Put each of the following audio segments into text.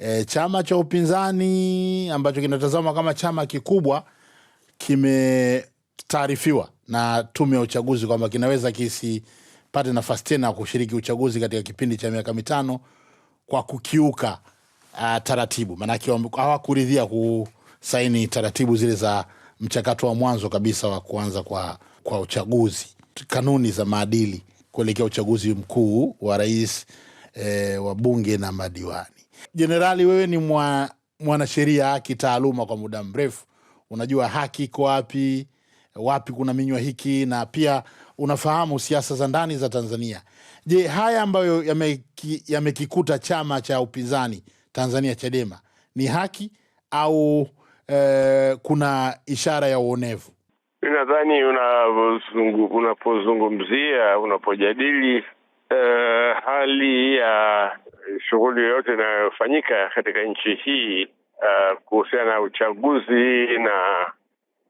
e, chama cha upinzani ambacho kinatazama kama chama kikubwa kimetaarifiwa na tume ya uchaguzi kwamba kinaweza kisipate nafasi tena ya kushiriki uchaguzi katika kipindi cha miaka mitano kwa kukiuka uh, taratibu. Maanake hawakuridhia kusaini taratibu zile za mchakato wa mwanzo kabisa wa kuanza kwa, kwa uchaguzi, kanuni za maadili kuelekea uchaguzi mkuu wa rais e, wa bunge na madiwani. Jenerali, wewe ni mwa mwanasheria kitaaluma kwa muda mrefu, unajua haki iko wapi, wapi kuna minywa hiki, na pia unafahamu siasa za ndani za Tanzania. Je, haya ambayo yamekikuta yame chama cha upinzani Tanzania Chadema ni haki au eh, kuna ishara ya uonevu? Nadhani unapozungumzia unapojadili eh, hali ya Eh, shughuli yoyote inayofanyika katika nchi hii uh, kuhusiana na uchaguzi na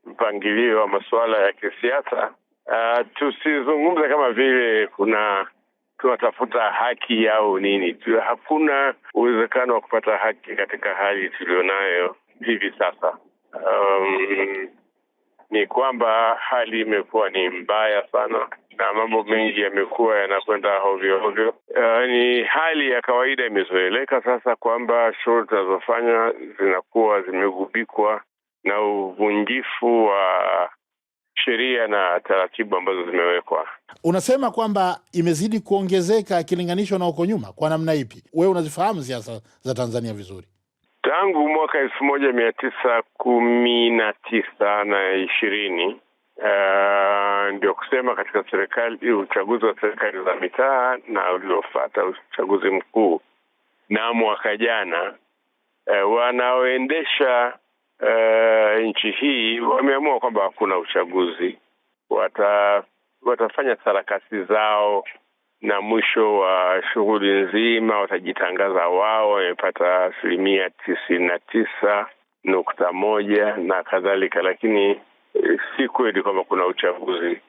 mpangilio wa masuala ya kisiasa uh, tusizungumze kama vile kuna tunatafuta haki au nini. Hakuna uwezekano wa kupata haki katika hali tuliyonayo hivi sasa. Um, ni kwamba hali imekuwa ni mbaya sana na mambo mengi yamekuwa yanakwenda hovyohovyo Uh, eh, ni hali ya kawaida imezoeleka sasa kwamba shughuli zinazofanywa zinakuwa zimegubikwa na uvunjifu wa sheria na taratibu ambazo zimewekwa. Unasema kwamba imezidi kuongezeka ikilinganishwa na huko nyuma. Kwa namna ipi? Wewe unazifahamu siasa za Tanzania vizuri tangu mwaka elfu moja mia tisa kumi na tisa na ishirini Uh, ndio kusema katika serikali uchaguzi wa serikali za mitaa na uliofata uchaguzi mkuu na mwaka jana, uh, wanaoendesha uh, nchi hii wameamua kwamba hakuna uchaguzi. Wata, watafanya sarakasi zao na mwisho wa shughuli nzima watajitangaza wao wamepata asilimia tisini na tisa nukta moja na kadhalika, lakini eh, si kweli kwamba kuna uchaguzi.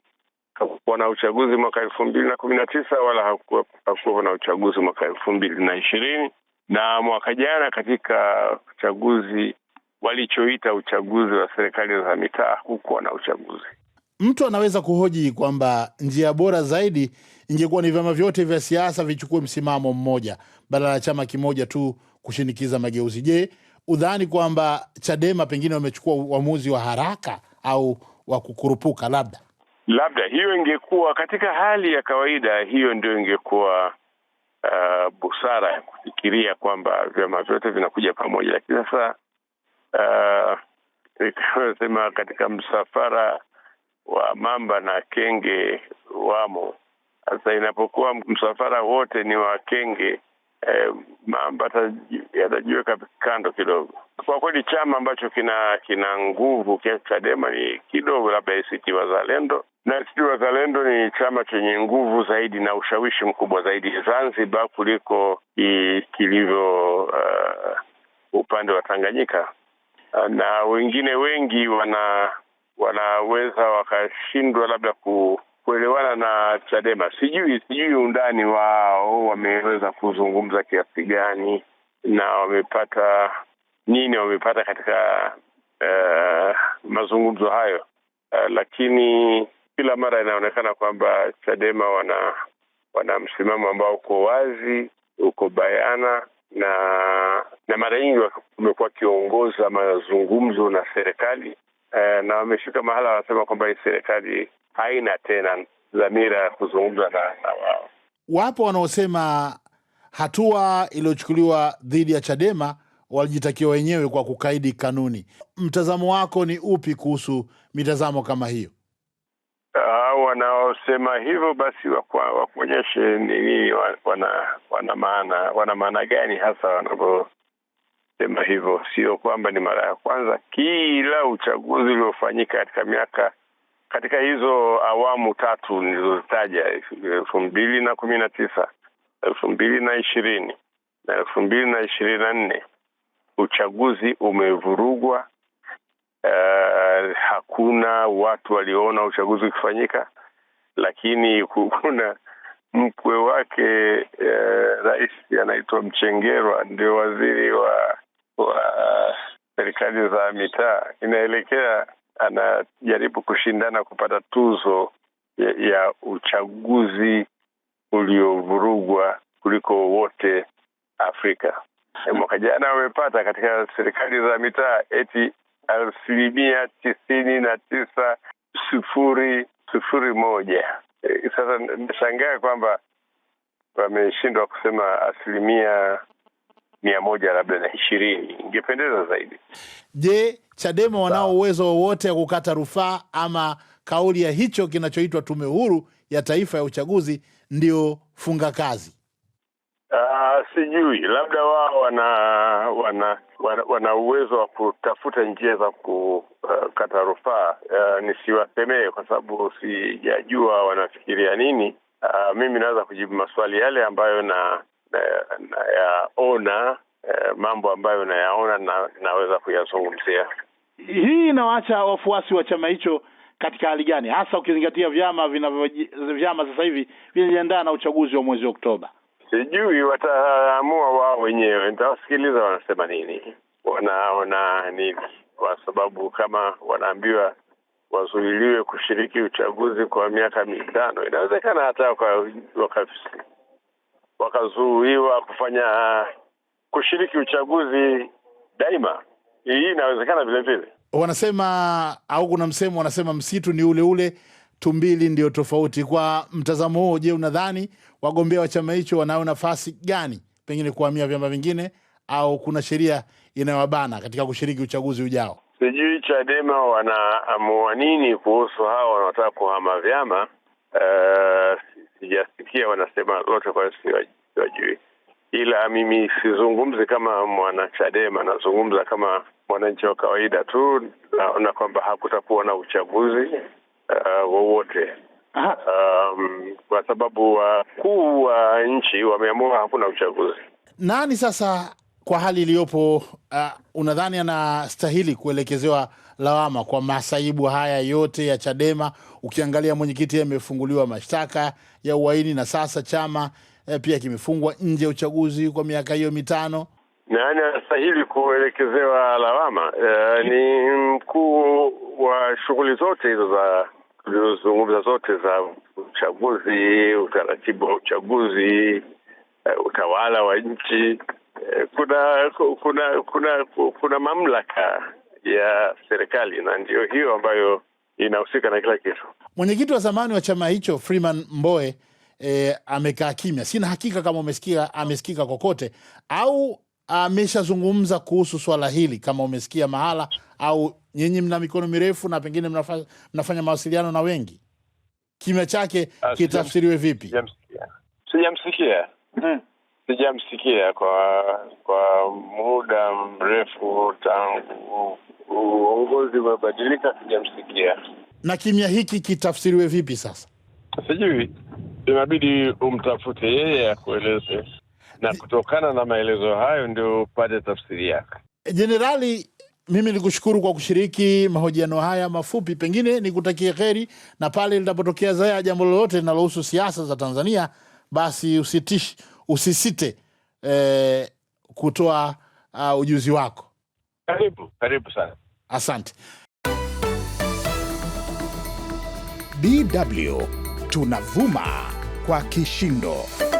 Hakukuwa na uchaguzi mwaka elfu mbili na kumi na tisa wala hakukuwa na uchaguzi mwaka elfu mbili na ishirini na mwaka jana katika uchaguzi walichoita uchaguzi wa serikali za mitaa, hakukuwa na uchaguzi. Mtu anaweza kuhoji kwamba njia bora zaidi ingekuwa ni vyama vyote vya siasa vichukue msimamo mmoja badala ya chama kimoja tu kushinikiza mageuzi. Je, udhani kwamba Chadema pengine wamechukua uamuzi wa haraka au wa kukurupuka? Labda labda hiyo ingekuwa katika hali ya kawaida, hiyo ndio ingekuwa uh, busara ya kufikiria kwamba vyama vyote vinakuja pamoja, lakini sasa uh, nasema katika msafara wa mamba na kenge wamo. Sasa inapokuwa msafara wote ni wa kenge eh, mamba yatajiweka kando kidogo. Kwa kweli chama ambacho kina kina nguvu kiasi Chadema ni kidogo, labda ACT Wazalendo na ACT Wazalendo ni chama chenye nguvu zaidi na ushawishi mkubwa zaidi Zanzibar kuliko kilivyo uh, upande wa Tanganyika, na wengine wengi wana wanaweza wakashindwa labda ku kuelewana na Chadema. Sijui sijui undani wao wameweza kuzungumza kiasi gani na wamepata nini, wamepata katika uh, mazungumzo hayo uh, lakini kila mara inaonekana kwamba Chadema wana wana msimamo ambao uko wazi, uko bayana na na mara nyingi umekuwa wakiongoza mazungumzo na serikali Eh, na wamefika mahala wanasema kwamba hii serikali haina tena dhamira ya kuzungumza na, na wao. Wapo wanaosema hatua iliyochukuliwa dhidi ya Chadema walijitakiwa wenyewe kwa kukaidi kanuni. Mtazamo wako ni upi kuhusu mitazamo kama hiyo? Uh, wanaosema hivyo basi wakuonyeshe nini, wana wana maana wana maana gani hasa wanavyo sema hivyo, sio kwamba ni mara ya kwanza. Kila uchaguzi uliofanyika katika miaka katika hizo awamu tatu nilizozitaja, elfu mbili na kumi na tisa elfu mbili na ishirini na elfu mbili na ishirini na nne uchaguzi umevurugwa. Uh, hakuna watu walioona uchaguzi ukifanyika, lakini kuna mkwe wake uh, rais anaitwa Mchengerwa ndio waziri wa wa uh, serikali za mitaa inaelekea anajaribu kushindana kupata tuzo ya uchaguzi uliovurugwa kuliko wote Afrika. Hmm. Mwaka jana wamepata katika serikali za mitaa eti asilimia tisini na tisa sufuri sufuri moja. Eh, sasa nashangaa kwamba wameshindwa kusema asilimia mia moja labda na ishirini ingependeza zaidi. Je, Chadema wanao uwezo wowote wa kukata rufaa ama kauli ya hicho kinachoitwa Tume Huru ya Taifa ya Uchaguzi ndio funga kazi? Uh, sijui, labda wao wana wana wana uwezo wa kutafuta njia za kukata eh, uh, rufaa. Uh, nisiwasemee kwa sababu sijajua wanafikiria nini. Uh, mimi naweza kujibu maswali yale ambayo na Eh, nayaona eh, mambo ambayo nayaona na naweza kuyazungumzia. Hii inawaacha wafuasi wa chama hicho katika hali gani, hasa ukizingatia vyama vyama sasa hivi vinajiandaa na uchaguzi wa mwezi Oktoba? Sijui, wataamua wao wenyewe, nitawasikiliza wanasema nini, wanaona nini, kwa sababu kama wanaambiwa wazuiliwe kushiriki uchaguzi kwa miaka mitano, inawezekana hata waka, waka wakazuiwa kufanya uh, kushiriki uchaguzi daima. Hii inawezekana vile vile, wanasema au kuna msemo wanasema msitu ni ule ule, tumbili ndio tofauti. Kwa mtazamo huo, je, unadhani wagombea wa chama hicho wanayo nafasi gani pengine kuhamia vyama vingine au kuna sheria inayowabana katika kushiriki uchaguzi ujao? Sijui Chadema wanaamua nini kuhusu hawa wanaotaka kuhama vyama. Uh, sijasikia wanasema lote, kwa siwajui, ila mimi sizungumzi kama mwanachadema, nazungumza kama mwananchi wa kawaida tu, naona kwamba hakutakuwa na uchaguzi uh, wowote um, kwa sababu wakuu wa nchi wameamua hakuna uchaguzi. Nani sasa kwa hali iliyopo, uh, unadhani anastahili kuelekezewa lawama kwa masaibu haya yote ya Chadema? Ukiangalia mwenyekiti amefunguliwa mashtaka ya uhaini na sasa chama eh, pia kimefungwa nje ya uchaguzi kwa miaka hiyo mitano. Nani anastahili kuelekezewa lawama? Uh, ni mkuu wa shughuli zote hizo za tulizozungumza zote za uchaguzi, utaratibu wa uchaguzi, uh, utawala wa nchi Eh, kuna kuna kuna kuna mamlaka ya serikali na ndio hiyo ambayo inahusika na kila kitu. Mwenyekiti wa zamani wa chama hicho Freeman Mbowe e, amekaa kimya. Sina hakika kama umesikia amesikika kokote au ameshazungumza kuhusu swala hili, kama umesikia mahala au nyinyi mna mikono mirefu na pengine mnafanya, mnafanya mawasiliano na wengi, kimya chake ah, kitafsiriwe vipi? Sijamsikia. Hmm sijamsikia kwa kwa muda mrefu tangu uongozi umebadilika, sijamsikia. Na kimya hiki kitafsiriwe vipi sasa? Sijui, inabidi umtafute yeye akueleze, na kutokana na maelezo hayo ndio upate tafsiri yake. Jenerali, mimi nikushukuru kwa kushiriki mahojiano haya mafupi, pengine nikutakie kheri, na pale linapotokea zaya jambo lolote linalohusu siasa za Tanzania, basi usitishi usisite eh, kutoa uh, ujuzi wako. Karibu, karibu sana, asante. bw tunavuma kwa kishindo.